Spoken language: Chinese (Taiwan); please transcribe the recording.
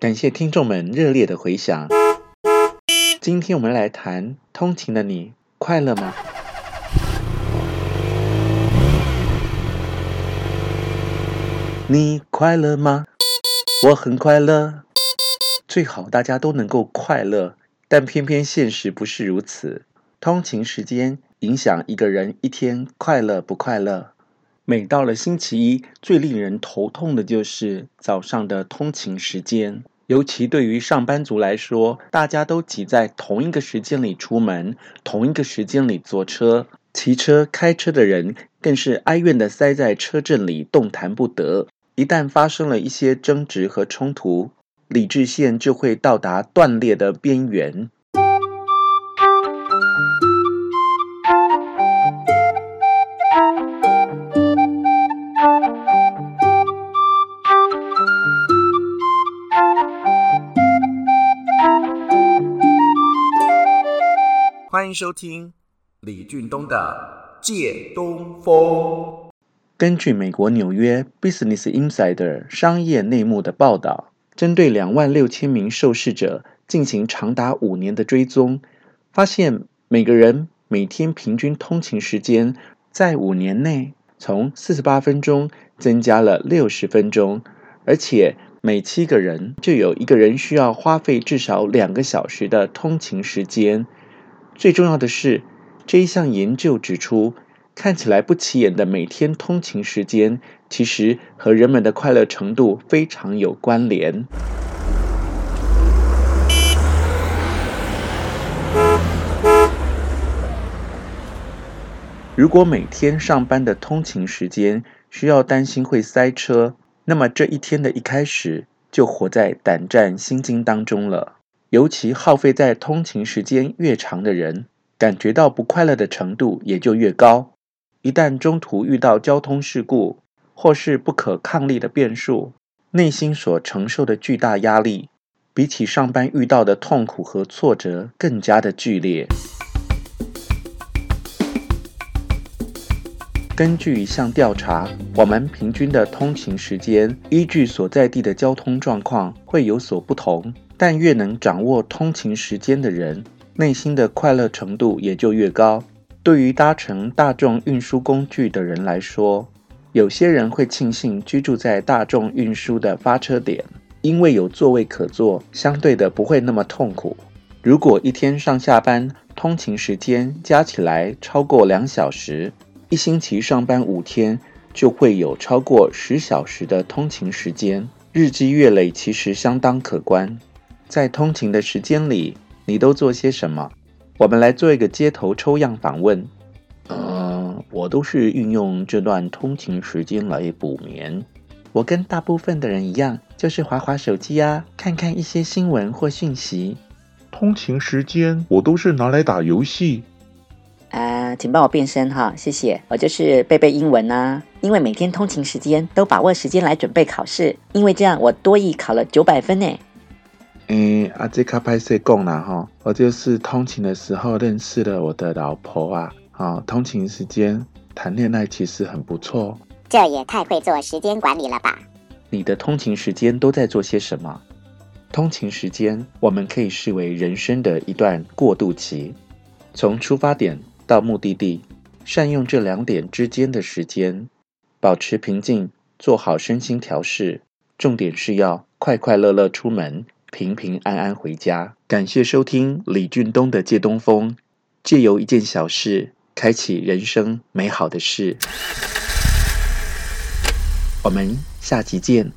感謝聽眾們熱烈的回響。今天我們來談通勤的你快樂嗎？你快樂嗎？我很快樂。最好大家都能夠快樂，但偏偏現實不是如此。通勤時間影響一個人一天快樂不快樂。每到了星期一，最令人頭痛的就是早上的通勤時間。尤其對於上班族來說，大家都擠在同一個時間裡出門，同一個時間裡坐車、騎車、開車的人，更是哀怨地塞在車陣裡，動彈不得。一旦發生了一些爭執和衝突，理智線就會到達斷裂的邊緣。歡迎收聽李俊東的《借東風》。根據美國紐約《Business Insider》商業內幕的報道，針對兩萬六千名受試者進行長達五年的追蹤，發現每個人每天平均通勤時間在五年內從四十八分鐘增加了六十分鐘，而且每七個人就有一個人需要花費至少兩個小時的通勤時間。最重要的是，這一項研究指出，看起來不起眼的每天通勤時間，其實和人們的快樂程度非常有關聯。如果每天上班的通勤時間需要擔心會塞車，那麼這一天的一開始就活在膽戰心驚當中了。尤其耗費在通勤時間越長的人，感覺到不快樂的程度也就越高。一旦中途遇到交通事故，或是不可抗力的變數，內心所承受的巨大壓力，比起上班遇到的痛苦和挫折更加的劇烈。根據一項調查，我們平均的通勤時間依據所在地的交通狀況會有所不同。但越能掌握通勤時間的人，內心的快樂程度也就越高。對於搭乘大眾運輸工具的人來說，有些人會慶幸居住在大眾運輸的發車點，因為有座位可坐，相對的不會那麼痛苦。如果一天上下班，通勤時間加起來超過兩小時，一星期上班五天，就會有超過十小時的通勤時間。日積月累其實相當可觀。在通勤的時間裡，你都做些什麼？我們來做一個街頭抽樣訪問。嗯、呃，我都是運用這段通勤時間來補眠。我跟大部分的人一樣，就是滑滑手機啊，看看一些新聞或訊息。通勤時間我都是拿來打遊戲。啊、呃，請幫我變身哈，謝謝。我就是背背英文啊，因為每天通勤時間都把握時間來準備考試，因為這樣我多益考了九百分呢。誒阿、欸啊、這卡拍攝講了哈，我就是通勤的時候認識了我的老婆啊。好、哦，通勤時間談戀愛其實很不錯。這也太會做時間管理了吧！你的通勤時間都在做些什麼？通勤時間我們可以視為人生的一段過渡期，從出發點到目的地，善用這兩點之間的時間，保持平靜，做好身心調適，重點是要快快樂樂出門，平平安安回家。感謝收聽李俊東的借東風，借由一件小事開啟人生美好的事。我們下集見。